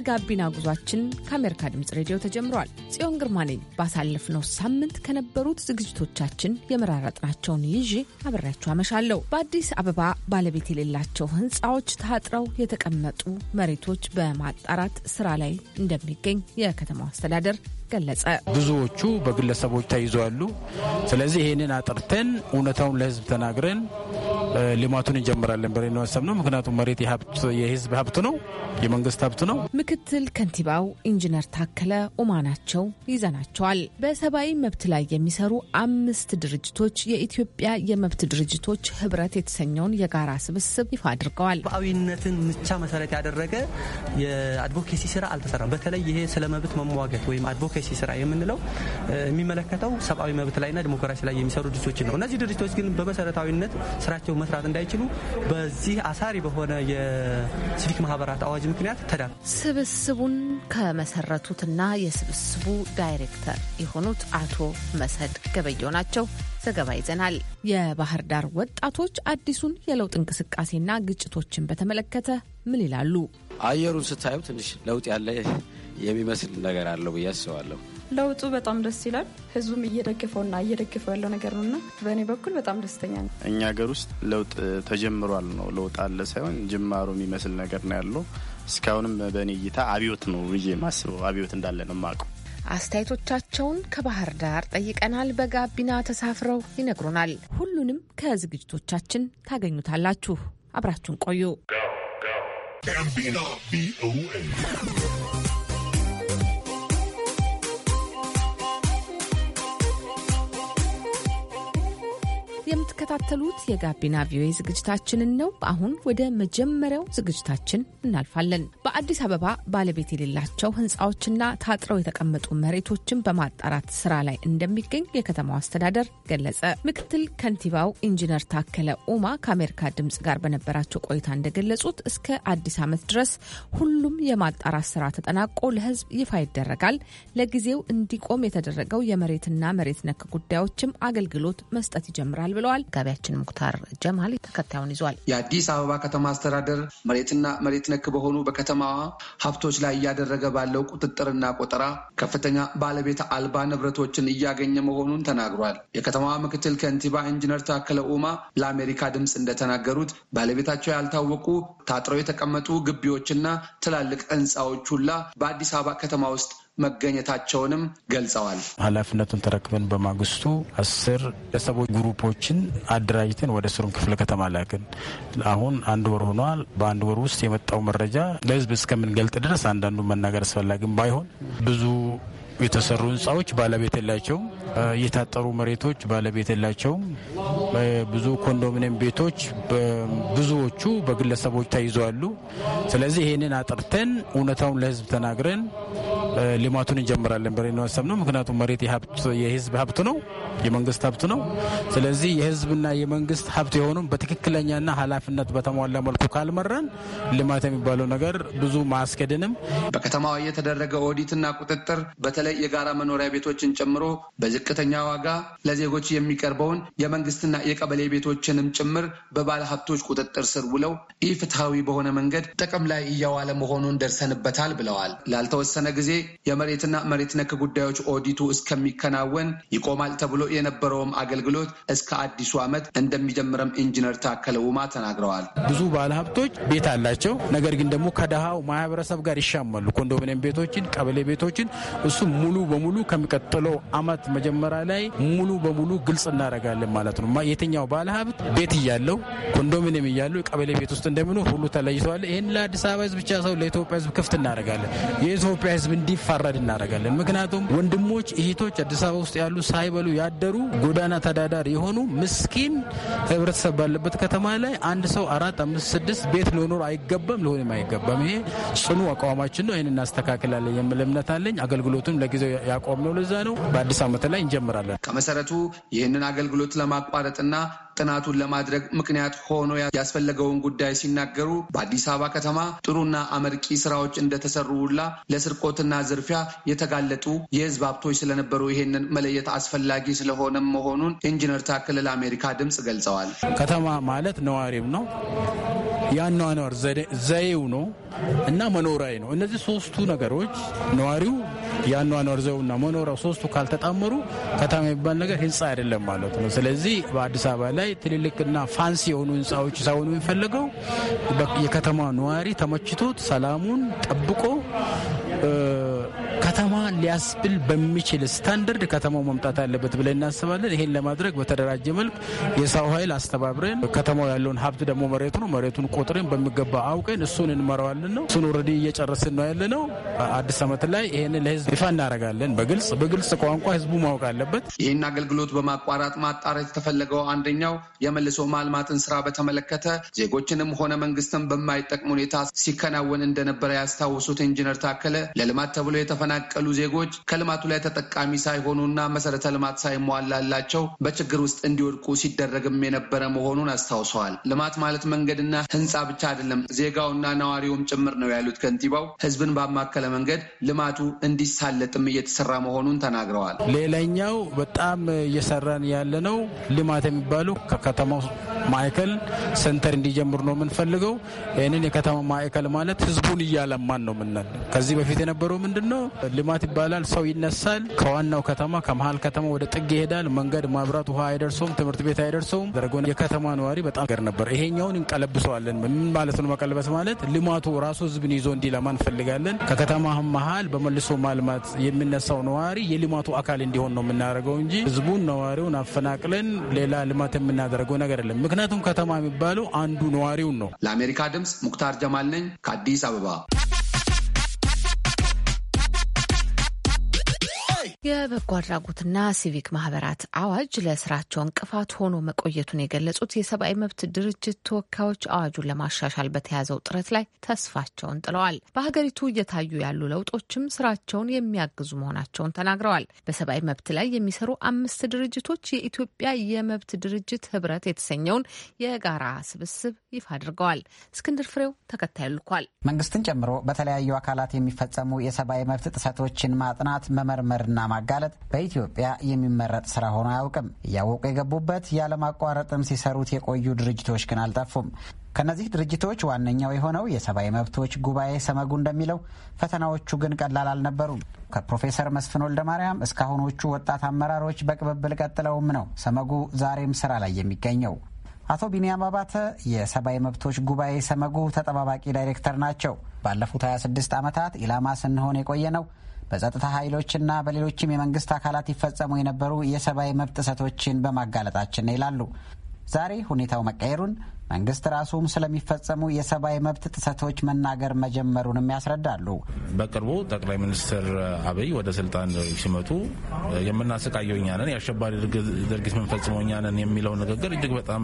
የጋቢና ጉዟችን ከአሜሪካ ድምፅ ሬዲዮ ተጀምሯል። ጽዮን ግርማ ነኝ። ባሳለፍነው ሳምንት ከነበሩት ዝግጅቶቻችን የመራረጥናቸውን ይዤ አብሬያችሁ አመሻለሁ። በአዲስ አበባ ባለቤት የሌላቸው ሕንፃዎች ታጥረው የተቀመጡ መሬቶች በማጣራት ስራ ላይ እንደሚገኝ የከተማው አስተዳደር ገለጸ። ብዙዎቹ በግለሰቦች ተይዘዋሉ። ስለዚህ ይህንን አጥርተን እውነታውን ለህዝብ ተናግረን ልማቱን እንጀምራለን ብለን ነው ያሰብነው። ምክንያቱም መሬት የህዝብ ሀብት ነው፣ የመንግስት ሀብት ነው። ምክትል ከንቲባው ኢንጂነር ታከለ ኡማ ናቸው። ይዘናቸዋል። በሰብአዊ መብት ላይ የሚሰሩ አምስት ድርጅቶች የኢትዮጵያ የመብት ድርጅቶች ህብረት የተሰኘውን የጋራ ስብስብ ይፋ አድርገዋል። ሰብአዊነትን ምቻ መሰረት ያደረገ የአድቮኬሲ ስራ አልተሰራም። በተለይ ይሄ ስለ መብት መሟገት ወይም አድቮኬሲ ስራ የምንለው የሚመለከተው ሰብአዊ መብት ላይና ዲሞክራሲ ላይ የሚሰሩ ድርጅቶችን ነው። እነዚህ ድርጅቶች ግን በመሰረታዊነት ስራቸው መስራት እንዳይችሉ በዚህ አሳሪ በሆነ የሲቪክ ማህበራት አዋጅ ምክንያት ተዳር ስብስቡን ከመሰረቱትና የስብስቡ ዳይሬክተር የሆኑት አቶ መሰድ ገበየው ናቸው። ዘገባ ይዘናል። የባህር ዳር ወጣቶች አዲሱን የለውጥ እንቅስቃሴና ግጭቶችን በተመለከተ ምን ይላሉ? አየሩን ስታዩ ትንሽ ለውጥ ያለ የሚመስል ነገር አለው ብዬ አስባለሁ። ለውጡ በጣም ደስ ይላል። ህዝቡም እየደገፈውና እየደገፈው ያለው ነገር ነው ና በእኔ በኩል በጣም ደስተኛ ነው። እኛ ሀገር ውስጥ ለውጥ ተጀምሯል ነው ለውጥ አለ ሳይሆን ጅማሩ የሚመስል ነገር ነው ያለው። እስካሁንም በእኔ እይታ አብዮት ነው ብዬ ማስበው አብዮት እንዳለ ነው ማቀው። አስተያየቶቻቸውን ከባህር ዳር ጠይቀናል። በጋቢና ተሳፍረው ይነግሩናል። ሁሉንም ከዝግጅቶቻችን ታገኙታላችሁ። አብራችሁን ቆዩ። የምትከታተሉት የጋቢና ቪኦኤ ዝግጅታችንን ነው። አሁን ወደ መጀመሪያው ዝግጅታችን እናልፋለን። በአዲስ አበባ ባለቤት የሌላቸው ህንፃዎችና ታጥረው የተቀመጡ መሬቶችን በማጣራት ስራ ላይ እንደሚገኝ የከተማው አስተዳደር ገለጸ። ምክትል ከንቲባው ኢንጂነር ታከለ ኡማ ከአሜሪካ ድምፅ ጋር በነበራቸው ቆይታ እንደገለጹት እስከ አዲስ ዓመት ድረስ ሁሉም የማጣራት ስራ ተጠናቆ ለህዝብ ይፋ ይደረጋል። ለጊዜው እንዲቆም የተደረገው የመሬትና መሬት ነክ ጉዳዮችም አገልግሎት መስጠት ይጀምራል ብለዋል። ዘጋቢያችን ሙክታር ጀማል ተከታዩን ይዟል። የአዲስ አበባ ከተማ አስተዳደር መሬትና መሬት ነክ በሆኑ በከተማዋ ሀብቶች ላይ እያደረገ ባለው ቁጥጥርና ቆጠራ ከፍተኛ ባለቤት አልባ ንብረቶችን እያገኘ መሆኑን ተናግሯል። የከተማዋ ምክትል ከንቲባ ኢንጂነር ታከለ ኡማ ለአሜሪካ ድምፅ እንደተናገሩት ባለቤታቸው ያልታወቁ ታጥረው የተቀመጡ ግቢዎችና ትላልቅ ህንፃዎች ሁላ በአዲስ አበባ ከተማ ውስጥ መገኘታቸውንም ገልጸዋል። ኃላፊነቱን ተረክበን በማግስቱ አስር ለሰቦች ግሩፖችን አደራጅተን ወደ ስሩም ክፍለ ከተማ ላክን። አሁን አንድ ወር ሆኗል። በአንድ ወር ውስጥ የመጣው መረጃ ለህዝብ እስከምንገልጥ ድረስ አንዳንዱ መናገር አስፈላጊም ባይሆን ብዙ የተሰሩ ህንፃዎች ባለቤት የላቸውም። የታጠሩ መሬቶች ባለቤት የላቸውም። ብዙ ኮንዶሚኒየም ቤቶች ብዙዎቹ በግለሰቦች ተይዘዋሉ። ስለዚህ ይህንን አጥርተን እውነታውን ለህዝብ ተናግረን ልማቱን እንጀምራለን ብለን ነው ያሰብነው። ምክንያቱም መሬት የህዝብ ሀብት ነው፣ የመንግስት ሀብት ነው። ስለዚህ የህዝብና የመንግስት ሀብት የሆኑም በትክክለኛና ኃላፊነት በተሟላ መልኩ ካልመራን ልማት የሚባለው ነገር ብዙ ማስኬድንም በከተማዋ የተደረገ ኦዲትና ቁጥጥር በተለይ የጋራ መኖሪያ ቤቶችን ጨምሮ በዝቅተኛ ዋጋ ለዜጎች የሚቀርበውን የመንግስትና የቀበሌ ቤቶችንም ጭምር በባለ ሀብቶች ቁጥጥር ስር ውለው ኢፍትሐዊ በሆነ መንገድ ጥቅም ላይ እያዋለ መሆኑን ደርሰንበታል ብለዋል። ላልተወሰነ ጊዜ ጊዜ የመሬትና መሬት ነክ ጉዳዮች ኦዲቱ እስከሚከናወን ይቆማል ተብሎ የነበረውም አገልግሎት እስከ አዲሱ ዓመት እንደሚጀምረም ኢንጂነር ታከለ ውማ ተናግረዋል። ብዙ ባለሀብቶች ቤት አላቸው። ነገር ግን ደግሞ ከደሃው ማህበረሰብ ጋር ይሻማሉ። ኮንዶሚኒየም ቤቶችን፣ ቀበሌ ቤቶችን እሱ ሙሉ በሙሉ ከሚቀጥለው ዓመት መጀመሪያ ላይ ሙሉ በሙሉ ግልጽ እናደርጋለን ማለት ነው። የትኛው ባለሀብት ቤት እያለው ኮንዶሚኒየም እያለው ቀበሌ ቤት ውስጥ እንደሚኖር ሁሉ ተለይተዋል። ይህን ለአዲስ አበባ ህዝብ ብቻ ሰው ለኢትዮጵያ ህዝብ ክፍት እናደርጋለን። የኢትዮጵያ ህዝብ እንዲፋረድ እናደርጋለን። ምክንያቱም ወንድሞች እህቶች አዲስ አበባ ውስጥ ያሉ ሳይበሉ ያደሩ ጎዳና ተዳዳሪ የሆኑ ምስኪን ህብረተሰብ ባለበት ከተማ ላይ አንድ ሰው አራት፣ አምስት፣ ስድስት ቤት ሊኖር አይገባም፣ ሊሆንም አይገባም። ይሄ ጽኑ አቋማችን ነው። ይህን እናስተካክላለን የሚል እምነት አለኝ። አገልግሎቱም ለጊዜው ያቆም ነው። ለዛ ነው በአዲስ ዓመት ላይ እንጀምራለን። ከመሰረቱ ይህንን አገልግሎት ለማቋረጥና ጥናቱን ለማድረግ ምክንያት ሆኖ ያስፈለገውን ጉዳይ ሲናገሩ በአዲስ አበባ ከተማ ጥሩና አመርቂ ስራዎች እንደተሰሩ ሁላ ለስርቆትና ዝርፊያ የተጋለጡ የህዝብ ሀብቶች ስለነበሩ ይሄንን መለየት አስፈላጊ ስለሆነም መሆኑን ኢንጂነር ታክል ለአሜሪካ ድምፅ ገልጸዋል። ከተማ ማለት ነዋሪም ነው የአኗኗር ዘዬው ነው እና መኖሪያ ነው። እነዚህ ሶስቱ ነገሮች ነዋሪው፣ የአኗኗር ዘዬውና መኖሪያው ሶስቱ ካልተጣመሩ ከተማ የሚባል ነገር ህንፃ አይደለም ማለት ነው። ስለዚህ በአዲስ አበባ ላይ ትልልቅና ፋንሲ የሆኑ ህንፃዎች ሳይሆኑ የሚፈለገው የከተማ ነዋሪ ተመችቶት ሰላሙን ጠብቆ ከተማን ሊያስብል በሚችል ስታንደርድ ከተማው መምጣት አለበት ብለን እናስባለን። ይሄን ለማድረግ በተደራጀ መልክ የሰው ኃይል አስተባብረን ከተማው ያለውን ሀብት ደግሞ መሬቱ ነው። መሬቱን ቆጥረን በሚገባ አውቀን እሱን እንመራዋለን ነው። እሱን ኦልሬዲ እየጨረስን ነው ያለ ነው። አዲስ ዓመት ላይ ይህን ለህዝብ ይፋ እናደርጋለን። በግልጽ በግልጽ ቋንቋ ህዝቡ ማወቅ አለበት። ይህን አገልግሎት በማቋረጥ ማጣራት የተፈለገው አንደኛው የመልሶ ማልማትን ስራ በተመለከተ ዜጎችንም ሆነ መንግስትን በማይጠቅም ሁኔታ ሲከናወን እንደነበረ ያስታውሱት ኢንጂነር ታከለ ለልማት ተብሎ የተፈናቀሉ ዜጎች ከልማቱ ላይ ተጠቃሚ ሳይሆኑና መሰረተ ልማት ሳይሟላላቸው በችግር ውስጥ እንዲወድቁ ሲደረግም የነበረ መሆኑን አስታውሰዋል። ልማት ማለት መንገድና ህንፃ ብቻ አይደለም፣ ዜጋውና ነዋሪውም ጭምር ነው ያሉት ከንቲባው ህዝብን ባማከለ መንገድ ልማቱ እንዲሳለጥም እየተሰራ መሆኑን ተናግረዋል። ሌላኛው በጣም እየሰራን ያለ ነው ልማት የሚባሉ ከከተማው ማዕከል ሴንተር እንዲጀምር ነው የምንፈልገው። ይህንን የከተማ ማዕከል ማለት ህዝቡን እያለማን ነው ምናል ከዚህ በፊት የነበረው ምንድን ነው ልማት ይባላል። ሰው ይነሳል ከዋናው ከተማ ከመሀል ከተማ ወደ ጥግ ይሄዳል። መንገድ፣ መብራት፣ ውሃ አይደርሰውም። ትምህርት ቤት አይደርሰውም። ደርጎ የከተማ ነዋሪ በጣም ገር ነበር። ይሄኛውን እንቀለብሰዋለን። ምን ማለት ነው? መቀልበስ ማለት ልማቱ ራሱ ህዝብን ይዞ እንዲለማ እንፈልጋለን። ከከተማ መሀል በመልሶ ማልማት የሚነሳው ነዋሪ የልማቱ አካል እንዲሆን ነው የምናደርገው እንጂ ህዝቡን ነዋሪውን አፈናቅለን ሌላ ልማት የምናደርገው ነገር የለም። ምክንያቱም ከተማ የሚባለው አንዱ ነዋሪውን ነው። ለአሜሪካ ድምፅ ሙክታር ጀማል ነኝ ከአዲስ አበባ። የበጎ አድራጎትና ሲቪክ ማህበራት አዋጅ ለስራቸው እንቅፋት ሆኖ መቆየቱን የገለጹት የሰብአዊ መብት ድርጅት ተወካዮች አዋጁን ለማሻሻል በተያዘው ጥረት ላይ ተስፋቸውን ጥለዋል። በሀገሪቱ እየታዩ ያሉ ለውጦችም ስራቸውን የሚያግዙ መሆናቸውን ተናግረዋል። በሰብአዊ መብት ላይ የሚሰሩ አምስት ድርጅቶች የኢትዮጵያ የመብት ድርጅት ህብረት የተሰኘውን የጋራ ስብስብ ይፋ አድርገዋል። እስክንድር ፍሬው ተከታዩ ልኳል። መንግስትን ጨምሮ በተለያዩ አካላት የሚፈጸሙ የሰብአዊ መብት ጥሰቶችን ማጥናት መመርመርና ማጋለጥ በኢትዮጵያ የሚመረጥ ስራ ሆኖ አያውቅም። እያወቁ የገቡበት ያለማቋረጥም ሲሰሩት የቆዩ ድርጅቶች ግን አልጠፉም። ከነዚህ ድርጅቶች ዋነኛው የሆነው የሰብአዊ መብቶች ጉባኤ ሰመጉ እንደሚለው ፈተናዎቹ ግን ቀላል አልነበሩም። ከፕሮፌሰር መስፍን ወልደ ማርያም እስካሁኖቹ ወጣት አመራሮች በቅብብል ቀጥለውም ነው ሰመጉ ዛሬም ስራ ላይ የሚገኘው። አቶ ቢንያም አባተ የሰብአዊ መብቶች ጉባኤ ሰመጉ ተጠባባቂ ዳይሬክተር ናቸው። ባለፉት 26 ዓመታት ኢላማ ስንሆን የቆየ ነው በጸጥታ ኃይሎችና በሌሎችም የመንግስት አካላት ይፈጸሙ የነበሩ የሰብአዊ መብት ጥሰቶችን በማጋለጣችን ነው ይላሉ። ዛሬ ሁኔታው መቀየሩን መንግስት ራሱም ስለሚፈጸሙ የሰብአዊ መብት ጥሰቶች መናገር መጀመሩንም ያስረዳሉ። በቅርቡ ጠቅላይ ሚኒስትር አብይ ወደ ስልጣን ሲመጡ የምናሰቃየው እኛ የአሸባሪ ድርጊት የምንፈጽመው እኛንን የሚለው ንግግር እጅግ በጣም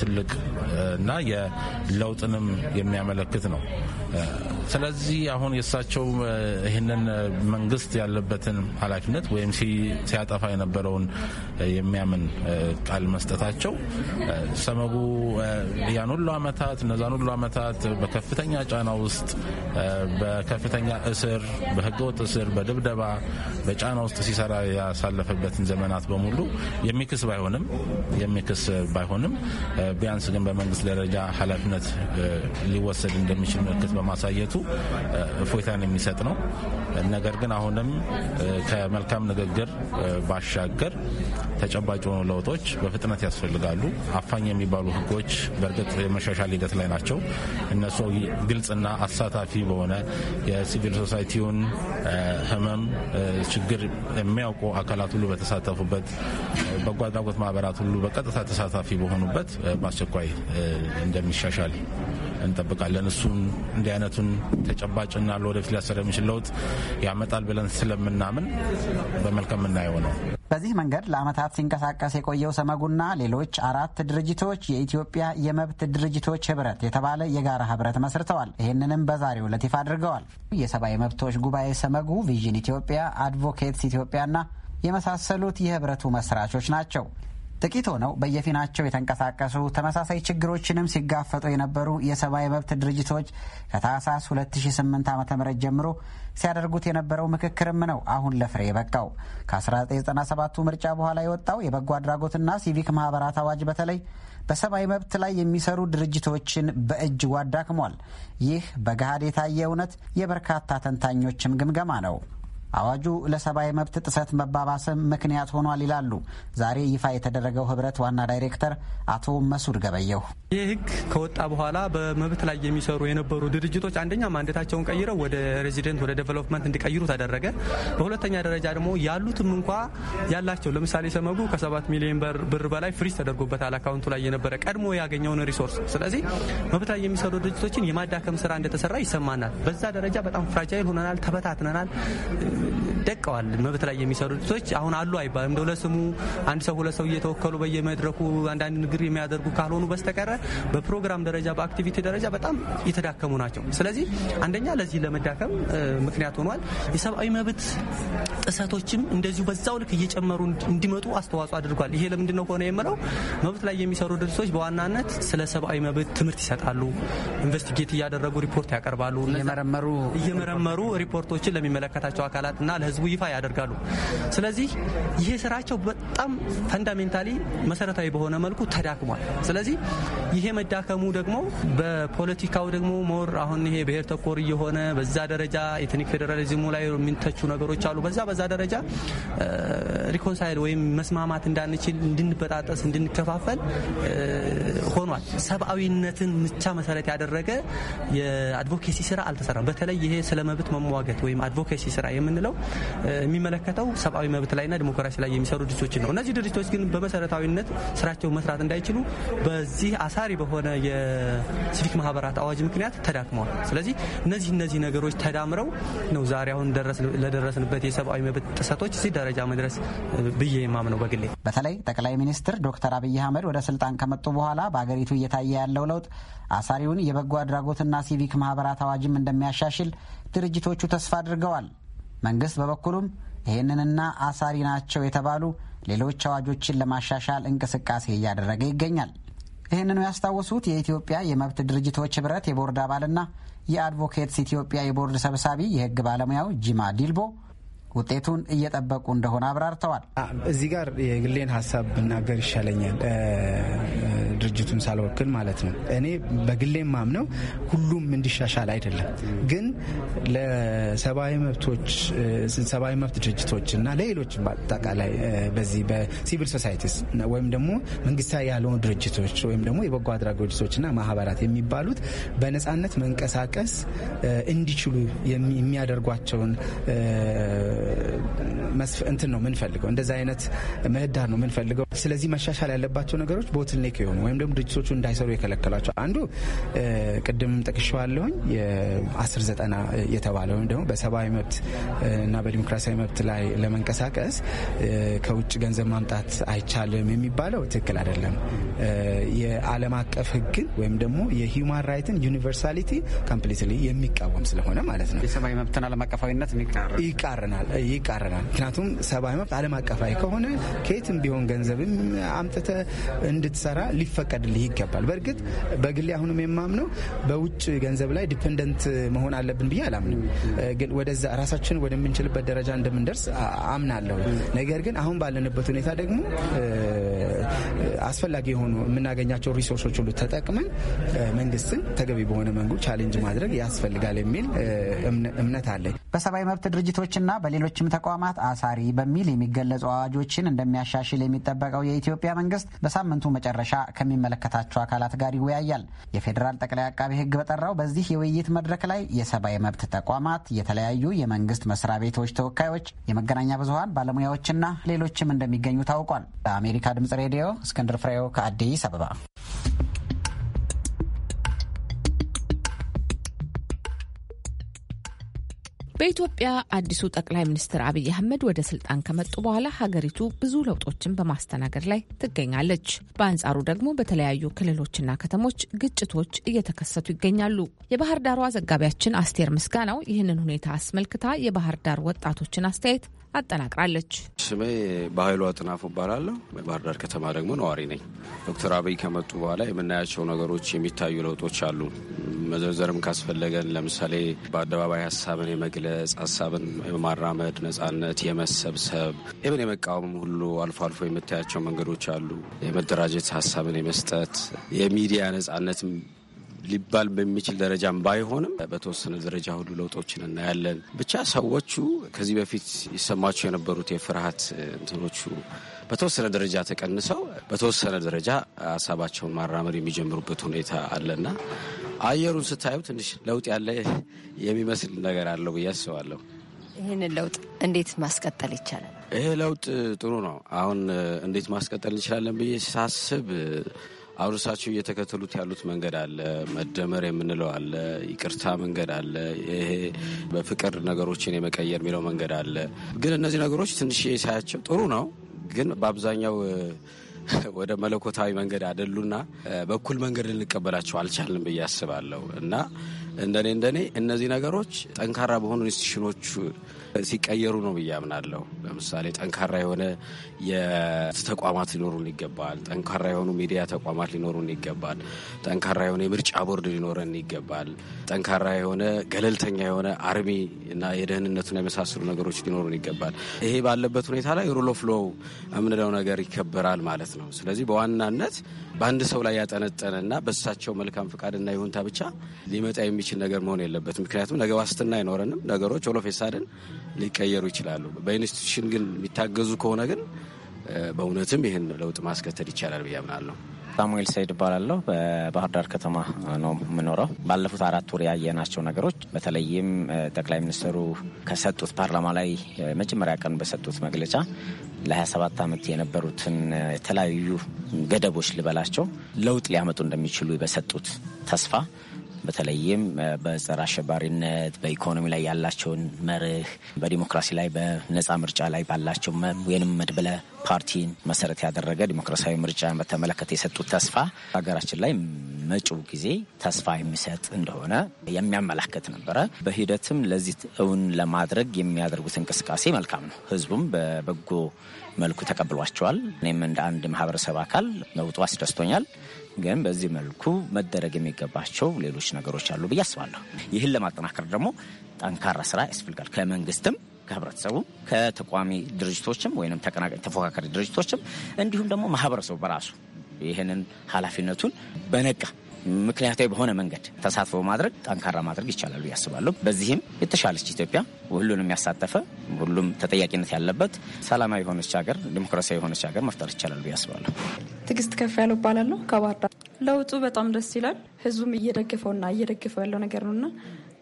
ትልቅ እና የለውጥንም የሚያመለክት ነው። ስለዚህ አሁን የእሳቸው ይህንን መንግስት ያለበትን ኃላፊነት ወይም ሲያጠፋ የነበረውን የሚያምን ቃል መስጠታቸው ሰመጉ ያን ሁሉ ዓመታት እነዛን ሁሉ ዓመታት በከፍተኛ ጫና ውስጥ በከፍተኛ እስር፣ በህገወጥ እስር፣ በድብደባ በጫና ውስጥ ሲሰራ ያሳለፈበትን ዘመናት በሙሉ የሚክስ ባይሆንም የሚክስ ባይሆንም ቢያንስ ግን በመንግስት ደረጃ ኃላፊነት ሊወሰድ እንደሚችል ምልክት በማሳየቱ እፎይታን የሚሰጥ ነው። ነገር ግን አሁንም ከመልካም ንግግር ባሻገር ተጨባጭ የሆኑ ለውጦች በፍጥነት ያስፈልጋሉ። አፋኝ የሚባሉ ህጎች ጉዳዮች በእርግጥ የመሻሻል ሂደት ላይ ናቸው። እነሱ ግልጽና አሳታፊ በሆነ የሲቪል ሶሳይቲውን ህመም፣ ችግር የሚያውቁ አካላት ሁሉ በተሳተፉበት በጎ አድራጎት ማህበራት ሁሉ በቀጥታ ተሳታፊ በሆኑበት በአስቸኳይ እንደሚሻሻል እንጠብቃለን። እሱን እንዲህ አይነቱን ተጨባጭና ለወደፊት ሊያሰር የሚችል ለውጥ ያመጣል ብለን ስለምናምን በመልካም የምናየው ነው። በዚህ መንገድ ለዓመታት ሲንቀሳቀስ የቆየው ሰመጉና ሌሎች አራት ድርጅቶች የኢትዮጵያ የመብት ድርጅቶች ህብረት የተባለ የጋራ ህብረት መስርተዋል። ይህንንም በዛሬው ዕለት ይፋ አድርገዋል። የሰብአዊ መብቶች ጉባኤ ሰመጉ፣ ቪዥን ኢትዮጵያ፣ አድቮኬትስ ኢትዮጵያና የመሳሰሉት የህብረቱ መስራቾች ናቸው። ጥቂት ሆነው በየፊናቸው የተንቀሳቀሱ ተመሳሳይ ችግሮችንም ሲጋፈጡ የነበሩ የሰብአዊ መብት ድርጅቶች ከታህሳስ 2008 ዓ ም ጀምሮ ሲያደርጉት የነበረው ምክክርም ነው አሁን ለፍሬ የበቃው። ከ1997ቱ ምርጫ በኋላ የወጣው የበጎ አድራጎትና ሲቪክ ማህበራት አዋጅ በተለይ በሰብአዊ መብት ላይ የሚሰሩ ድርጅቶችን በእጅጉ አዳክሟል። ይህ በገሃድ የታየ እውነት የበርካታ ተንታኞችም ግምገማ ነው። አዋጁ ለሰብአዊ መብት ጥሰት መባባስም ምክንያት ሆኗል ይላሉ ዛሬ ይፋ የተደረገው ህብረት ዋና ዳይሬክተር አቶ መሱድ ገበየሁ። ይህ ህግ ከወጣ በኋላ በመብት ላይ የሚሰሩ የነበሩ ድርጅቶች አንደኛ ማንዴታቸውን ቀይረው ወደ ሬዚደንት ወደ ዴቨሎፕመንት እንዲቀይሩ ተደረገ። በሁለተኛ ደረጃ ደግሞ ያሉትም እንኳ ያላቸው ለምሳሌ ሰመጉ ከሰባት ሚሊዮን ብር በላይ ፍሪዝ ተደርጎበታል አካውንቱ ላይ የነበረ ቀድሞ ያገኘውን ሪሶርስ። ስለዚህ መብት ላይ የሚሰሩ ድርጅቶችን የማዳከም ስራ እንደተሰራ ይሰማናል። በዛ ደረጃ በጣም ፍራጃይል ሆነናል፣ ተበታትነናል። ደቀዋል። መብት ላይ የሚሰሩ ድርጅቶች አሁን አሉ አይባልም። እንደው ለስሙ አንድ ሰው ሁለት ሰው እየተወከሉ በየመድረኩ አንዳንድ ንግግር የሚያደርጉ ካልሆኑ በስተቀረ በፕሮግራም ደረጃ በአክቲቪቲ ደረጃ በጣም የተዳከሙ ናቸው። ስለዚህ አንደኛ ለዚህ ለመዳከም ምክንያት ሆኗል። የሰብአዊ መብት ጥሰቶችም እንደዚሁ በዛው ልክ እየጨመሩ እንዲመጡ አስተዋጽኦ አድርጓል። ይሄ ለምንድነው ከሆነ የምለው መብት ላይ የሚሰሩ ድርጅቶች በዋናነት ስለ ሰብአዊ መብት ትምህርት ይሰጣሉ፣ ኢንቨስቲጌት እያደረጉ ሪፖርት ያቀርባሉ፣ እየመረመሩ ሪፖርቶችን ለሚመለከታቸው አካላት እና ለህዝቡ ይፋ ያደርጋሉ። ስለዚህ ይሄ ስራቸው በጣም ፈንዳሜንታሊ መሰረታዊ በሆነ መልኩ ተዳክሟል። ስለዚህ ይሄ መዳከሙ ደግሞ በፖለቲካው ደግሞ ሞር አሁን ይሄ ብሔር ተኮር እየሆነ በዛ ደረጃ ኤትኒክ ፌዴራሊዝሙ ላይ የሚንተቹ ነገሮች አሉ። በዛ በዛ ደረጃ ሪኮንሳይል ወይም መስማማት እንዳንችል፣ እንድንበጣጠስ፣ እንድንከፋፈል ሆኗል። ሰብአዊነትን ብቻ መሰረት ያደረገ የአድቮኬሲ ስራ አልተሰራም። በተለይ ይሄ ስለ መብት መሟገት ወይም አድቮኬሲ ስራ የምንለው የሚመለከተው ሰብአዊ መብት ላይና ዲሞክራሲ ላይ የሚሰሩ ድርጅቶችን ነው። እነዚህ ድርጅቶች ግን በመሰረታዊነት ስራቸው መስራት እንዳይችሉ በዚህ አሳሪ በሆነ የሲቪክ ማህበራት አዋጅ ምክንያት ተዳክመዋል። ስለዚህ እነዚህ እነዚህ ነገሮች ተዳምረው ነው ዛሬ አሁን ለደረስንበት የሰብአዊ መብት ጥሰቶች እዚህ ደረጃ መድረስ ብዬ የማምነው በግሌ። በተለይ ጠቅላይ ሚኒስትር ዶክተር አብይ አህመድ ወደ ስልጣን ከመጡ በኋላ በአገሪቱ እየታየ ያለው ለውጥ አሳሪውን የበጎ አድራጎትና ሲቪክ ማህበራት አዋጅም እንደሚያሻሽል ድርጅቶቹ ተስፋ አድርገዋል። መንግስት በበኩሉም ይህንንና አሳሪ ናቸው የተባሉ ሌሎች አዋጆችን ለማሻሻል እንቅስቃሴ እያደረገ ይገኛል። ይህንኑ ያስታወሱት የኢትዮጵያ የመብት ድርጅቶች ህብረት የቦርድ አባልና የአድቮኬትስ ኢትዮጵያ የቦርድ ሰብሳቢ የህግ ባለሙያው ጂማ ዲልቦ ውጤቱን እየጠበቁ እንደሆነ አብራርተዋል። እዚህ ጋር የግሌን ሀሳብ ብናገር ይሻለኛል፣ ድርጅቱን ሳልወክል ማለት ነው። እኔ በግሌን ማምነው ሁሉም እንዲሻሻል አይደለም፣ ግን ለሰብአዊ መብቶች ሰብአዊ መብት ድርጅቶች እና ለሌሎች በአጠቃላይ በዚህ በሲቪል ሶሳይቲስ ወይም ደግሞ መንግስታዊ ያልሆኑ ድርጅቶች ወይም ደግሞ የበጎ አድራጎት እና ማህበራት የሚባሉት በነፃነት መንቀሳቀስ እንዲችሉ የሚያደርጓቸውን እንትን ነው ምንፈልገው፣ እንደዚህ አይነት ምህዳር ነው ምንፈልገው። ስለዚህ መሻሻል ያለባቸው ነገሮች ቦትልኔክ የሆኑ ወይም ደግሞ ድርጅቶቹ እንዳይሰሩ የከለከሏቸው አንዱ ቅድም ጠቅሸዋለሁኝ የአስር ዘጠና የተባለ ወይም ደግሞ በሰብአዊ መብት እና በዲሞክራሲያዊ መብት ላይ ለመንቀሳቀስ ከውጭ ገንዘብ ማምጣት አይቻልም የሚባለው ትክክል አይደለም። የዓለም አቀፍ ህግን ወይም ደግሞ የሂውማን ራይትን ዩኒቨርሳሊቲ ኮምፕሊትሊ የሚቃወም ስለሆነ ማለት ነው የሰብአዊ መብትን ዓለም አቀፋዊነት ይቃረናል። ይቃረናል። ምክንያቱም ሰብአዊ መብት ዓለም አቀፋዊ ከሆነ ከየትም ቢሆን ገንዘብም አምጥተ እንድትሰራ ሊፈቀድልህ ይገባል። በእርግጥ በግሌ አሁንም የማምነው በውጭ ገንዘብ ላይ ዲፐንደንት መሆን አለብን ብዬ አላምንም። ግን ወደዛ ራሳችን ወደምንችልበት ደረጃ እንደምንደርስ አምናለሁ። ነገር ግን አሁን ባለንበት ሁኔታ ደግሞ አስፈላጊ የሆኑ የምናገኛቸው ሪሶርሶች ሁሉ ተጠቅመን መንግስትን ተገቢ በሆነ መንገድ ቻሌንጅ ማድረግ ያስፈልጋል የሚል እምነት አለኝ። በሰብአዊ መብት ድርጅቶችና በሌሎ ሌሎችም ተቋማት አሳሪ በሚል የሚገለጹ አዋጆችን እንደሚያሻሽል የሚጠበቀው የኢትዮጵያ መንግስት በሳምንቱ መጨረሻ ከሚመለከታቸው አካላት ጋር ይወያያል። የፌዴራል ጠቅላይ አቃቤ ሕግ በጠራው በዚህ የውይይት መድረክ ላይ የሰብአዊ መብት ተቋማት፣ የተለያዩ የመንግስት መስሪያ ቤቶች ተወካዮች፣ የመገናኛ ብዙሀን ባለሙያዎችና ሌሎችም እንደሚገኙ ታውቋል። ለአሜሪካ ድምጽ ሬዲዮ እስክንድር ፍሬው ከአዲስ አበባ በኢትዮጵያ አዲሱ ጠቅላይ ሚኒስትር አብይ አህመድ ወደ ስልጣን ከመጡ በኋላ ሀገሪቱ ብዙ ለውጦችን በማስተናገድ ላይ ትገኛለች። በአንጻሩ ደግሞ በተለያዩ ክልሎችና ከተሞች ግጭቶች እየተከሰቱ ይገኛሉ። የባህር ዳሯ ዘጋቢያችን አስቴር ምስጋናው ይህንን ሁኔታ አስመልክታ የባህር ዳር ወጣቶችን አስተያየት አጠናቅራለች። ስሜ በኃይሉ አጥናፉ እባላለሁ። ባህር ዳር ከተማ ደግሞ ነዋሪ ነኝ። ዶክተር አብይ ከመጡ በኋላ የምናያቸው ነገሮች የሚታዩ ለውጦች አሉ። መዘርዘርም ካስፈለገን ለምሳሌ በአደባባይ ሀሳብን የመግለጽ ሀሳብን የማራመድ ነጻነት፣ የመሰብሰብ የምን የመቃወም ሁሉ አልፎ አልፎ የምታያቸው መንገዶች አሉ። የመደራጀት ሀሳብን የመስጠት የሚዲያ ነጻነትም ሊባል በሚችል ደረጃም ባይሆንም በተወሰነ ደረጃ ሁሉ ለውጦችን እናያለን። ብቻ ሰዎቹ ከዚህ በፊት ይሰማቸው የነበሩት የፍርሃት እንትኖቹ በተወሰነ ደረጃ ተቀንሰው በተወሰነ ደረጃ ሀሳባቸውን ማራመድ የሚጀምሩበት ሁኔታ አለና አየሩን ስታዩ ትንሽ ለውጥ ያለ የሚመስል ነገር አለው ብዬ አስባለሁ። ይህን ለውጥ እንዴት ማስቀጠል ይቻላል? ይሄ ለውጥ ጥሩ ነው። አሁን እንዴት ማስቀጠል እንችላለን ብዬ ሳስብ አሁን እየተከተሉት ያሉት መንገድ አለ፣ መደመር የምንለው አለ፣ ይቅርታ መንገድ አለ፣ ይሄ በፍቅር ነገሮችን የመቀየር የሚለው መንገድ አለ። ግን እነዚህ ነገሮች ትንሽ ሳያቸው ጥሩ ነው፣ ግን በአብዛኛው ወደ መለኮታዊ መንገድ አደሉና በኩል መንገድ ልንቀበላቸው አልቻልንም ብዬ አስባለሁ እና እንደኔ እንደኔ እነዚህ ነገሮች ጠንካራ በሆኑ ኢንስቲቱሽኖች ሲቀየሩ ነው ብዬ አምናለሁ። ለምሳሌ ጠንካራ የሆነ የተቋማት ሊኖሩን ይገባል። ጠንካራ የሆኑ ሚዲያ ተቋማት ሊኖሩን ይገባል። ጠንካራ የሆነ የምርጫ ቦርድ ሊኖረን ይገባል። ጠንካራ የሆነ ገለልተኛ የሆነ አርሚ እና የደህንነቱን የመሳሰሉ ነገሮች ሊኖሩን ይገባል። ይሄ ባለበት ሁኔታ ላይ ሩል ኦፍ ሎው የምንለው ነገር ይከበራል ማለት ነው። ስለዚህ በዋናነት በአንድ ሰው ላይ ያጠነጠነና በእሳቸው መልካም ፍቃድና ይሁንታ ብቻ ሊመጣ የሚችል ነገር መሆን የለበት። ምክንያቱም ነገ ዋስትና አይኖረንም። ነገሮች ኦሎፌሳድን ሊቀየሩ ይችላሉ። በኢንስቲቱሽን ግን የሚታገዙ ከሆነ ግን በእውነትም ይህን ለውጥ ማስከተል ይቻላል ብዬ አምናለሁ። ሳሙኤል ሰይድ እባላለሁ። በባህር ዳር ከተማ ነው የምኖረው። ባለፉት አራት ወር ያየናቸው ነገሮች በተለይም ጠቅላይ ሚኒስትሩ ከሰጡት ፓርላማ ላይ መጀመሪያ ቀን በሰጡት መግለጫ ለ27 ዓመት የነበሩትን የተለያዩ ገደቦች ልበላቸው ለውጥ ሊያመጡ እንደሚችሉ በሰጡት ተስፋ በተለይም በጸረ አሸባሪነት፣ በኢኮኖሚ ላይ ያላቸውን መርህ፣ በዲሞክራሲ ላይ በነጻ ምርጫ ላይ ባላቸው ወይንም መድብለ ፓርቲን መሰረት ያደረገ ዲሞክራሲያዊ ምርጫ በተመለከተ የሰጡት ተስፋ ሀገራችን ላይ መጪው ጊዜ ተስፋ የሚሰጥ እንደሆነ የሚያመላክት ነበረ። በሂደትም ለዚህ እውን ለማድረግ የሚያደርጉት እንቅስቃሴ መልካም ነው። ህዝቡም በበጎ መልኩ ተቀብሏቸዋል። እኔም እንደ አንድ ማህበረሰብ አካል ለውጡ አስደስቶኛል። ግን በዚህ መልኩ መደረግ የሚገባቸው ሌሎች ነገሮች አሉ ብዬ አስባለሁ። ይህን ለማጠናከር ደግሞ ጠንካራ ስራ ያስፈልጋል ከመንግስትም ከህብረተሰቡ ከተቋሚ ድርጅቶችም ወይም ተፎካካሪ ድርጅቶችም እንዲሁም ደግሞ ማህበረሰቡ በራሱ ይህንን ኃላፊነቱን በነቃ ምክንያታዊ በሆነ መንገድ ተሳትፎ ማድረግ ጠንካራ ማድረግ ይቻላል ብዬ አስባለሁ። በዚህም የተሻለች ኢትዮጵያ ሁሉንም ያሳተፈ ሁሉም ተጠያቂነት ያለበት ሰላማዊ የሆነች ሀገር፣ ዲሞክራሲያዊ የሆነች ሀገር መፍጠር ይቻላል ብዬ አስባለሁ። ትዕግስት ከፍ ያለው እባላለሁ ከባህር ዳር። ለውጡ በጣም ደስ ይላል። ህዝቡም እየደገፈውና እየደገፈው ያለው ነገር ነውና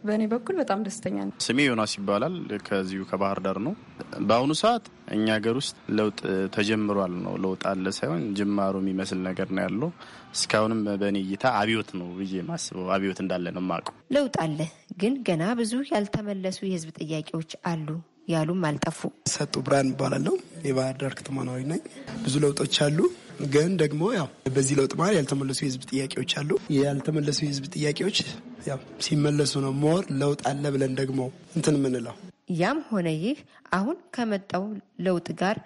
በእኔ በኩል በጣም ደስተኛ ነው። ስሜ ዮናስ ይባላል። ከዚሁ ከባህር ዳር ነው። በአሁኑ ሰዓት እኛ ሀገር ውስጥ ለውጥ ተጀምሯል ነው ለውጥ አለ ሳይሆን ጅማሩ የሚመስል ነገር ነው ያለው። እስካሁንም በእኔ እይታ አብዮት ነው ብዬ ማስበው አብዮት እንዳለ ነው የማውቀው። ለውጥ አለ ግን ገና ብዙ ያልተመለሱ የህዝብ ጥያቄዎች አሉ ያሉም አልጠፉ። ሰጡ ብርሃን እባላለሁ። የባህር ዳር ከተማ ነዋሪ ነኝ። ብዙ ለውጦች አሉ ግን ደግሞ ያው በዚህ ለውጥ መሀል ያልተመለሱ የህዝብ ጥያቄዎች አሉ። ያልተመለሱ የህዝብ ጥያቄዎች ያው ሲመለሱ ነው ሞር ለውጥ አለ ብለን ደግሞ እንትን የምንለው። ያም ሆነ ይህ አሁን ከመጣው ለውጥ ጋር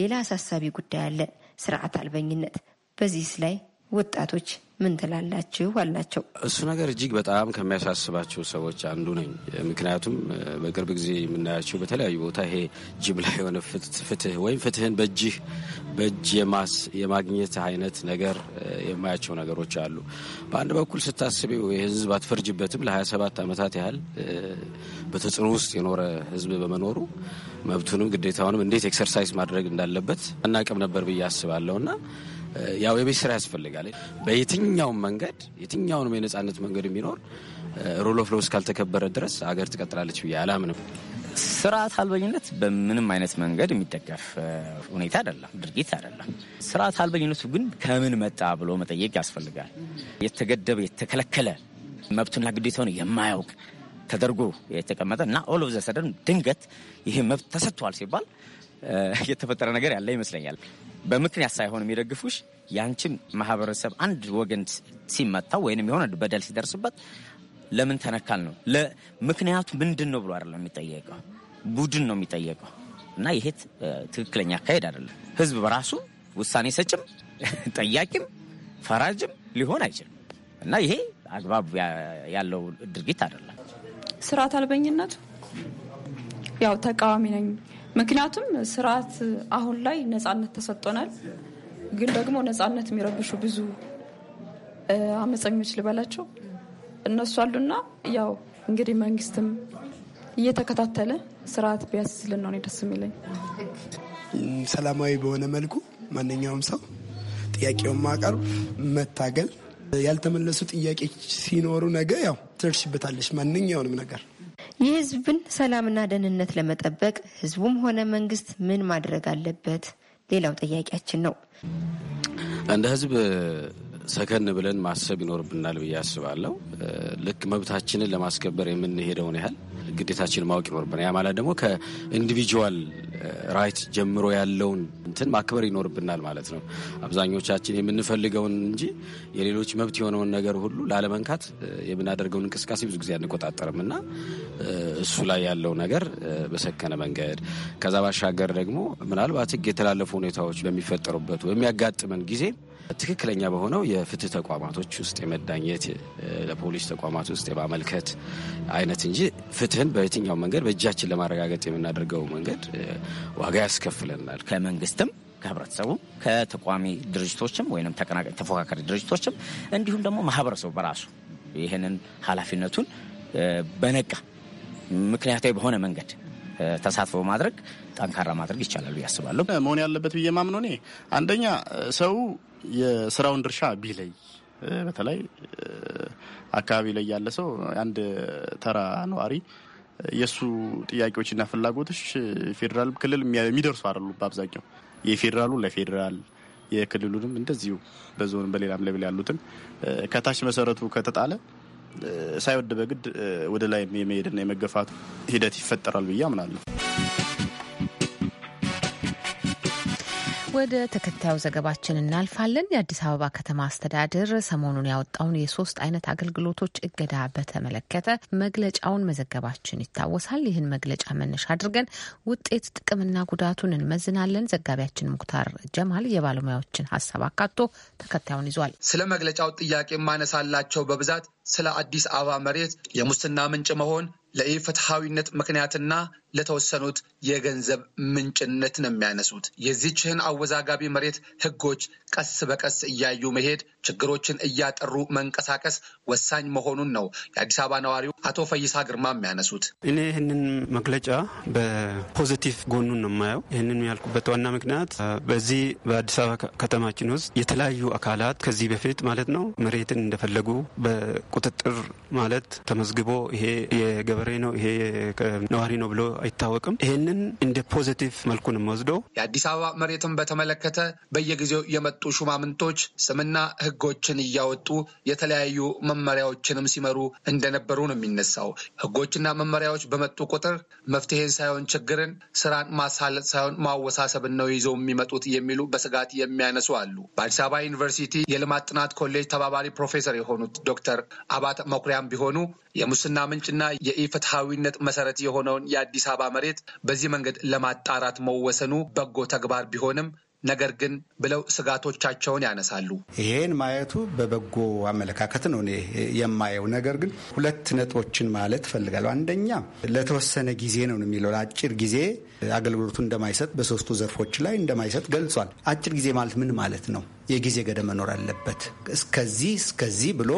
ሌላ አሳሳቢ ጉዳይ አለ፣ ስርዓት አልበኝነት። በዚህስ ላይ ወጣቶች ምን ትላላችሁ? አላቸው። እሱ ነገር እጅግ በጣም ከሚያሳስባቸው ሰዎች አንዱ ነኝ። ምክንያቱም በቅርብ ጊዜ የምናያቸው በተለያዩ ቦታ ይሄ ጅምላ የሆነ ፍትህ ወይም ፍትህን በእጅህ በእጅ የማግኘት አይነት ነገር የማያቸው ነገሮች አሉ። በአንድ በኩል ስታስቢው የህዝብ አትፈርጅበትም። ለ27 ዓመታት ያህል በተጽዕኖ ውስጥ የኖረ ህዝብ በመኖሩ መብቱንም ግዴታውንም እንዴት ኤክሰርሳይዝ ማድረግ እንዳለበት አናቅም ነበር ብዬ አስባለሁ እና ያው የቤት ስራ ያስፈልጋል። በየትኛውም መንገድ የትኛውንም የነጻነት መንገድ የሚኖር ሩል ኦፍ ሎው እስካልተከበረ ድረስ አገር ትቀጥላለች ብዬ አላምንም። ስርዓት አልበኝነት በምንም አይነት መንገድ የሚደገፍ ሁኔታ አይደለም፣ ድርጊት አይደለም። ስርዓት አልበኝነቱ ግን ከምን መጣ ብሎ መጠየቅ ያስፈልጋል። የተገደበ የተከለከለ መብትና ግዴታውን የማያውቅ ተደርጎ የተቀመጠ እና ኦል ኦፍ ዘ ሰደን ድንገት ይህ መብት ተሰጥቷል ሲባል የተፈጠረ ነገር ያለ ይመስለኛል። በምክንያት ሳይሆን የሚደግፉሽ ያንቺም ማህበረሰብ አንድ ወገን ሲመታው ወይም የሆነ በደል ሲደርስበት ለምን ተነካል ነው ለምክንያቱ ምንድን ነው ብሎ አይደለም የሚጠየቀው፣ ቡድን ነው የሚጠየቀው። እና ይሄ ትክክለኛ አካሄድ አይደለም። ህዝብ በራሱ ውሳኔ ሰጭም ጠያቂም ፈራጅም ሊሆን አይችልም። እና ይሄ አግባብ ያለው ድርጊት አይደለም። ስርዓት አልበኝነቱ ያው ተቃዋሚ ነኝ ምክንያቱም ስርዓት አሁን ላይ ነጻነት ተሰጥቶናል፣ ግን ደግሞ ነጻነት የሚረብሹ ብዙ አመፀኞች ልበላቸው እነሱ አሉና ያው እንግዲህ መንግስትም እየተከታተለ ስርዓት ቢያስስልን ነው ደስ የሚለኝ። ሰላማዊ በሆነ መልኩ ማንኛውም ሰው ጥያቄውን ማቅረብ፣ መታገል፣ ያልተመለሱ ጥያቄዎች ሲኖሩ ነገ ያው ትደርሽበታለች ማንኛውንም ነገር የህዝብን ሰላምና ደህንነት ለመጠበቅ ህዝቡም ሆነ መንግስት ምን ማድረግ አለበት? ሌላው ጥያቄያችን ነው። እንደ ህዝብ ሰከን ብለን ማሰብ ይኖርብናል ብዬ አስባለሁ። ልክ መብታችንን ለማስከበር የምንሄደውን ያህል ግዴታችን ማወቅ ይኖርብናል። ያ ማለት ደግሞ ከኢንዲቪጁዋል ራይት ጀምሮ ያለውን እንትን ማክበር ይኖርብናል ማለት ነው። አብዛኞቻችን የምንፈልገውን እንጂ የሌሎች መብት የሆነውን ነገር ሁሉ ላለመንካት የምናደርገውን እንቅስቃሴ ብዙ ጊዜ አንቆጣጠርም እና እሱ ላይ ያለው ነገር በሰከነ መንገድ ከዛ ባሻገር ደግሞ ምናልባት ህግ የተላለፉ ሁኔታዎች በሚፈጠሩበት በሚያጋጥመን ጊዜ ትክክለኛ በሆነው የፍትህ ተቋማቶች ውስጥ የመዳኘት ለፖሊስ ተቋማት ውስጥ የማመልከት አይነት እንጂ ፍትህን በየትኛው መንገድ በእጃችን ለማረጋገጥ የምናደርገው መንገድ ዋጋ ያስከፍለናል። ከመንግስትም ከህብረተሰቡ ከተቋሚ ድርጅቶችም ወይም ተፎካካሪ ድርጅቶችም እንዲሁም ደግሞ ማህበረሰቡ በራሱ ይህንን ኃላፊነቱን በነቃ ምክንያታዊ በሆነ መንገድ ተሳትፎ በማድረግ ጠንካራ ማድረግ ይቻላል ብዬ አስባለሁ። መሆን ያለበት ብዬ ማምኖ እኔ አንደኛ ሰው የስራውን ድርሻ ቢለይ በተለይ አካባቢ ላይ ያለ ሰው አንድ ተራ ነዋሪ የእሱ ጥያቄዎችና ፍላጎቶች ፌዴራል፣ ክልል የሚደርሱ አሉ በአብዛኛው የፌዴራሉ ለፌዴራል የክልሉንም እንደዚሁ በዞን በሌላም ለብል ያሉትን ከታች መሰረቱ ከተጣለ ሳይወድ በግድ ወደ ላይ የመሄድና የመገፋት ሂደት ይፈጠራል ብዬ አምናለሁ። ወደ ተከታዩ ዘገባችን እናልፋለን። የአዲስ አበባ ከተማ አስተዳደር ሰሞኑን ያወጣውን የሶስት አይነት አገልግሎቶች እገዳ በተመለከተ መግለጫውን መዘገባችን ይታወሳል። ይህን መግለጫ መነሻ አድርገን ውጤት፣ ጥቅምና ጉዳቱን እንመዝናለን። ዘጋቢያችን ሙክታር ጀማል የባለሙያዎችን ሀሳብ አካቶ ተከታዩን ይዟል። ስለ መግለጫው ጥያቄ ማነሳላቸው በብዛት ስለ አዲስ አበባ መሬት የሙስና ምንጭ መሆን ለኢፍትሐዊነት ምክንያትና ለተወሰኑት የገንዘብ ምንጭነት ነው የሚያነሱት። የዚችህን አወዛጋቢ መሬት ህጎች ቀስ በቀስ እያዩ መሄድ፣ ችግሮችን እያጠሩ መንቀሳቀስ ወሳኝ መሆኑን ነው የአዲስ አበባ ነዋሪው አቶ ፈይሳ ግርማ የሚያነሱት። እኔ ይህንን መግለጫ በፖዚቲቭ ጎኑን ነው የማየው። ይህንን ያልኩበት ዋና ምክንያት በዚህ በአዲስ አበባ ከተማችን ውስጥ የተለያዩ አካላት ከዚህ በፊት ማለት ነው መሬትን እንደፈለጉ በቁጥጥር ማለት ተመዝግቦ ይሄ የገበሬ ነው ይሄ ነዋሪ ነው ብሎ አይታወቅም። ይህንን እንደ ፖዘቲቭ መልኩ ነው የአዲስ አበባ መሬትን በተመለከተ በየጊዜው የመጡ ሹማምንቶች ስምና ህጎችን እያወጡ የተለያዩ መመሪያዎችንም ሲመሩ እንደነበሩ ነው የሚነሳው። ህጎችና መመሪያዎች በመጡ ቁጥር መፍትሄን ሳይሆን ችግርን፣ ስራን ማሳለጥ ሳይሆን ማወሳሰብን ነው ይዘው የሚመጡት የሚሉ በስጋት የሚያነሱ አሉ። በአዲስ አበባ ዩኒቨርሲቲ የልማት ጥናት ኮሌጅ ተባባሪ ፕሮፌሰር የሆኑት ዶክተር አባተ መኩሪያም ቢሆኑ የሙስና ምንጭና የኢፍትሐዊነት መሰረት የሆነውን የአዲስ አበባ መሬት በዚህ መንገድ ለማጣራት መወሰኑ በጎ ተግባር ቢሆንም ነገር ግን ብለው ስጋቶቻቸውን ያነሳሉ። ይሄን ማየቱ በበጎ አመለካከት ነው እኔ የማየው። ነገር ግን ሁለት ነጥቦችን ማለት እፈልጋለሁ። አንደኛ ለተወሰነ ጊዜ ነው የሚለው አጭር ጊዜ አገልግሎቱ እንደማይሰጥ በሶስቱ ዘርፎች ላይ እንደማይሰጥ ገልጿል። አጭር ጊዜ ማለት ምን ማለት ነው? የጊዜ ገደብ መኖር አለበት። እስከዚህ እስከዚህ ብሎ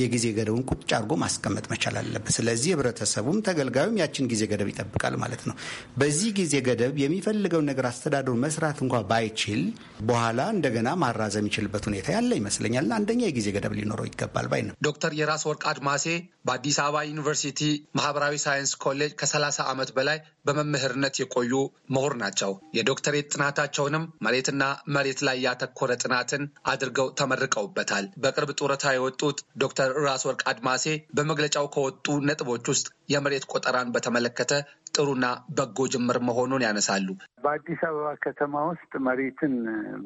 የጊዜ ገደቡን ቁጭ አድርጎ ማስቀመጥ መቻል አለበት። ስለዚህ ህብረተሰቡም ተገልጋዩም ያችን ጊዜ ገደብ ይጠብቃል ማለት ነው። በዚህ ጊዜ ገደብ የሚፈልገውን ነገር አስተዳደሩ መስራት እንኳ ባይችል በኋላ እንደገና ማራዘም የሚችልበት ሁኔታ ያለ ይመስለኛል። አንደኛ የጊዜ ገደብ ሊኖረው ይገባል ባይ ነው። ዶክተር የራስ ወርቅ አድማሴ በአዲስ አበባ ዩኒቨርሲቲ ማህበራዊ ሳይንስ ኮሌጅ ከሰላሳ ዓመት በላይ በመምህርነት የቆዩ ምሁር ናቸው። የዶክተሬት ጥናታቸውንም መሬትና መሬት ላይ ያተኮረ ጥናት ጥናትን አድርገው ተመርቀውበታል። በቅርብ ጡረታ የወጡት ዶክተር ራስ ወርቅ አድማሴ በመግለጫው ከወጡ ነጥቦች ውስጥ የመሬት ቆጠራን በተመለከተ ጥሩና በጎ ጅምር መሆኑን ያነሳሉ። በአዲስ አበባ ከተማ ውስጥ መሬትን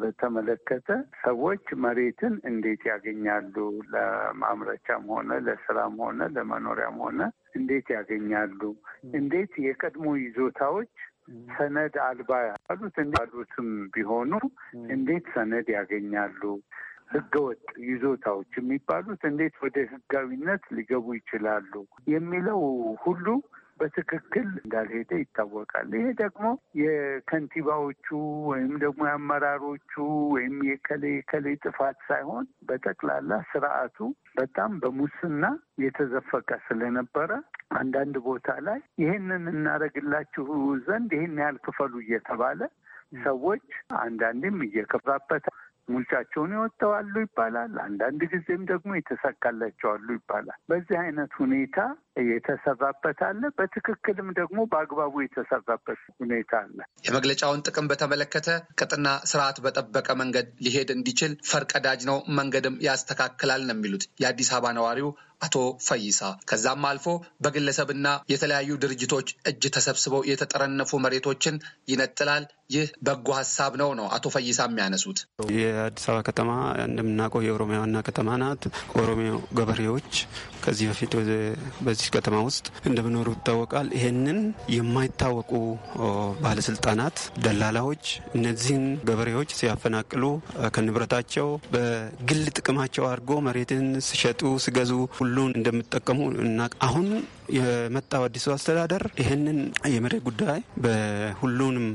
በተመለከተ ሰዎች መሬትን እንዴት ያገኛሉ? ለማምረቻም ሆነ ለስራም ሆነ ለመኖሪያም ሆነ እንዴት ያገኛሉ? እንዴት የቀድሞ ይዞታዎች ሰነድ አልባ ያሉት ያሉትም ቢሆኑ እንዴት ሰነድ ያገኛሉ? ህገወጥ ይዞታዎች የሚባሉት እንዴት ወደ ህጋዊነት ሊገቡ ይችላሉ? የሚለው ሁሉ በትክክል እንዳልሄደ ይታወቃል። ይሄ ደግሞ የከንቲባዎቹ ወይም ደግሞ የአመራሮቹ ወይም የከሌ የከሌ ጥፋት ሳይሆን በጠቅላላ ስርዓቱ በጣም በሙስና የተዘፈቀ ስለነበረ አንዳንድ ቦታ ላይ ይህንን እናደርግላችሁ ዘንድ ይሄን ያህል ክፈሉ እየተባለ ሰዎች አንዳንዴም እየከፋበት ሙልቻቸውን ይወጥተዋሉ ይባላል። አንዳንድ ጊዜም ደግሞ የተሳካላቸዋሉ ይባላል። በዚህ አይነት ሁኔታ የተሰራበት አለ። በትክክልም ደግሞ በአግባቡ የተሰራበት ሁኔታ አለ። የመግለጫውን ጥቅም በተመለከተ ቅጥና ስርዓት በጠበቀ መንገድ ሊሄድ እንዲችል ፈርቀዳጅ ነው፣ መንገድም ያስተካክላል ነው የሚሉት የአዲስ አበባ ነዋሪው አቶ ፈይሳ ከዛም አልፎ በግለሰብና የተለያዩ ድርጅቶች እጅ ተሰብስበው የተጠረነፉ መሬቶችን ይነጥላል። ይህ በጎ ሀሳብ ነው ነው አቶ ፈይሳ የሚያነሱት። የአዲስ አበባ ከተማ እንደምናውቀው የኦሮሚያ ዋና ከተማ ናት። ኦሮሚያ ገበሬዎች ከዚህ በፊት በዚህ ከተማ ውስጥ እንደመኖሩ ይታወቃል። ይህንን የማይታወቁ ባለስልጣናት፣ ደላላዎች እነዚህን ገበሬዎች ሲያፈናቅሉ ከንብረታቸው በግል ጥቅማቸው አድርጎ መሬትን ሲሸጡ ሲገዙ ሁሉን እንደሚጠቀሙ እና አሁን የመጣው አዲሱ አስተዳደር ይህንን የመሬት ጉዳይ በሁሉንም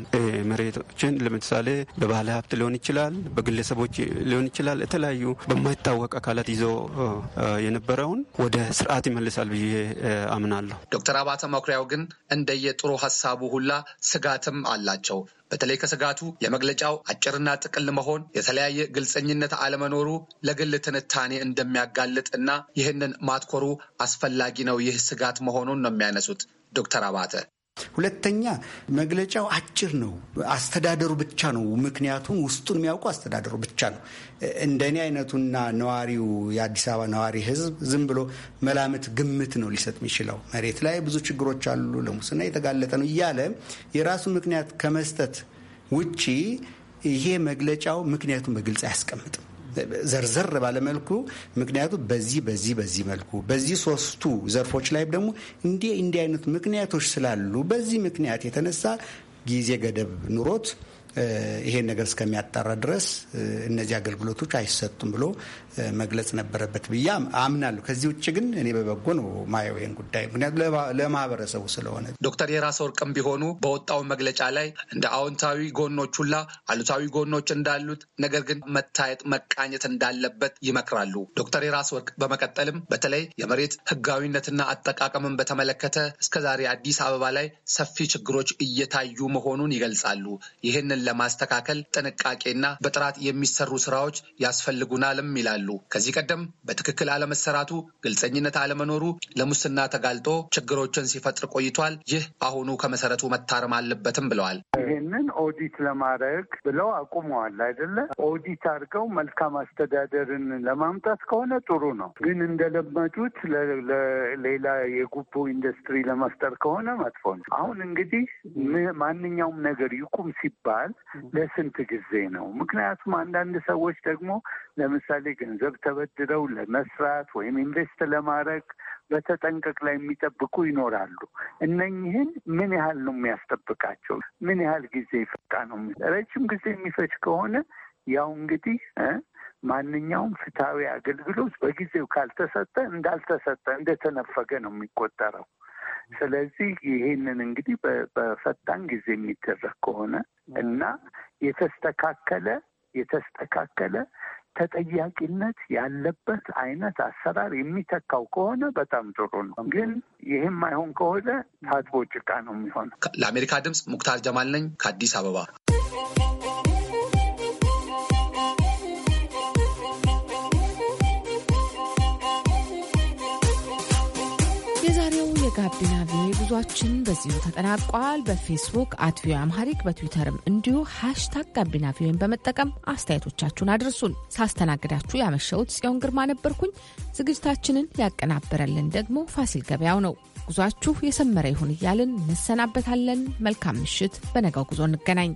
መሬቶችን ለምሳሌ በባለ ሀብት ሊሆን ይችላል፣ በግለሰቦች ሊሆን ይችላል፣ የተለያዩ በማይታወቅ አካላት ይዞ የነበረውን ወደ ስርዓት ይመልሳል ብዬ አምናለሁ። ዶክተር አባተ መኩሪያው ግን እንደየጥሩ ሀሳቡ ሁላ ስጋትም አላቸው። በተለይ ከስጋቱ የመግለጫው አጭርና ጥቅል መሆን የተለያየ ግልጸኝነት አለመኖሩ ለግል ትንታኔ እንደሚያጋልጥ እና ይህንን ማትኮሩ አስፈላጊ ነው። ይህ ስጋት መሆኑን ነው የሚያነሱት ዶክተር አባተ ሁለተኛ መግለጫው አጭር ነው። አስተዳደሩ ብቻ ነው ምክንያቱም ውስጡን የሚያውቁ አስተዳደሩ ብቻ ነው። እንደኔ አይነቱና ነዋሪው የአዲስ አበባ ነዋሪ ህዝብ ዝም ብሎ መላምት፣ ግምት ነው ሊሰጥ የሚችለው። መሬት ላይ ብዙ ችግሮች አሉ፣ ለሙስና የተጋለጠ ነው እያለ የራሱ ምክንያት ከመስጠት ውጪ ይሄ መግለጫው ምክንያቱን በግልጽ አያስቀምጥም። ዘርዘር ባለመልኩ ምክንያቱ በዚህ በዚህ በዚህ መልኩ በዚህ ሶስቱ ዘርፎች ላይ ደግሞ እንዲህ እንዲህ አይነት ምክንያቶች ስላሉ በዚህ ምክንያት የተነሳ ጊዜ ገደብ ኑሮት ይሄን ነገር እስከሚያጣራ ድረስ እነዚህ አገልግሎቶች አይሰጡም ብሎ መግለጽ ነበረበት ብዬ አምናለሁ። ከዚህ ውጭ ግን እኔ በበጎ ነው ማየው ይህን ጉዳይ ምክንያቱ ለማህበረሰቡ ስለሆነ። ዶክተር የራስ ወርቅም ቢሆኑ በወጣው መግለጫ ላይ እንደ አዎንታዊ ጎኖች ሁላ አሉታዊ ጎኖች እንዳሉት ነገር ግን መታየት መቃኘት እንዳለበት ይመክራሉ። ዶክተር የራስ ወርቅ በመቀጠልም በተለይ የመሬት ህጋዊነትና አጠቃቀምን በተመለከተ እስከዛሬ አዲስ አበባ ላይ ሰፊ ችግሮች እየታዩ መሆኑን ይገልጻሉ። ይህንን ለማስተካከል ጥንቃቄና በጥራት የሚሰሩ ስራዎች ያስፈልጉናልም ይላሉ። ይገኛሉ። ከዚህ ቀደም በትክክል አለመሰራቱ፣ ግልጸኝነት አለመኖሩ ለሙስና ተጋልጦ ችግሮችን ሲፈጥር ቆይቷል። ይህ አሁኑ ከመሰረቱ መታረም አለበትም ብለዋል። ይህንን ኦዲት ለማድረግ ብለው አቁመዋል አይደለ? ኦዲት አድርገው መልካም አስተዳደርን ለማምጣት ከሆነ ጥሩ ነው። ግን እንደለመዱት ሌላ የጉቦ ኢንዱስትሪ ለመፍጠር ከሆነ መጥፎ ነው። አሁን እንግዲህ ማንኛውም ነገር ይቁም ሲባል ለስንት ጊዜ ነው? ምክንያቱም አንዳንድ ሰዎች ደግሞ ለምሳሌ ገንዘብ ተበድረው ለመስራት ወይም ኢንቨስት ለማድረግ በተጠንቀቅ ላይ የሚጠብቁ ይኖራሉ። እነኝህን ምን ያህል ነው የሚያስጠብቃቸው? ምን ያህል ጊዜ ይፈቃ ነው? ረጅም ጊዜ የሚፈጅ ከሆነ ያው እንግዲህ ማንኛውም ፍትሐዊ አገልግሎት በጊዜው ካልተሰጠ እንዳልተሰጠ እንደተነፈገ ነው የሚቆጠረው። ስለዚህ ይሄንን እንግዲህ በፈጣን ጊዜ የሚደረግ ከሆነ እና የተስተካከለ የተስተካከለ ተጠያቂነት ያለበት አይነት አሰራር የሚተካው ከሆነ በጣም ጥሩ ነው። ግን ይህም አይሆን ከሆነ ታጥቦ ጭቃ ነው የሚሆነው። ለአሜሪካ ድምፅ ሙክታር ጀማል ነኝ ከአዲስ አበባ። የዛሬው የጋቢና ጉዟችን በዚሁ ተጠናቋል። በፌስቡክ አት ቪኦኤ አምሃሪክ በትዊተርም እንዲሁ ሃሽታግ ጋቢና ቪኦኤን በመጠቀም አስተያየቶቻችሁን አድርሱን። ሳስተናግዳችሁ ያመሸሁት ጽዮን ግርማ ነበርኩኝ። ዝግጅታችንን ያቀናበረልን ደግሞ ፋሲል ገበያው ነው። ጉዟችሁ የሰመረ ይሁን እያልን እንሰናበታለን። መልካም ምሽት። በነጋው ጉዞ እንገናኝ።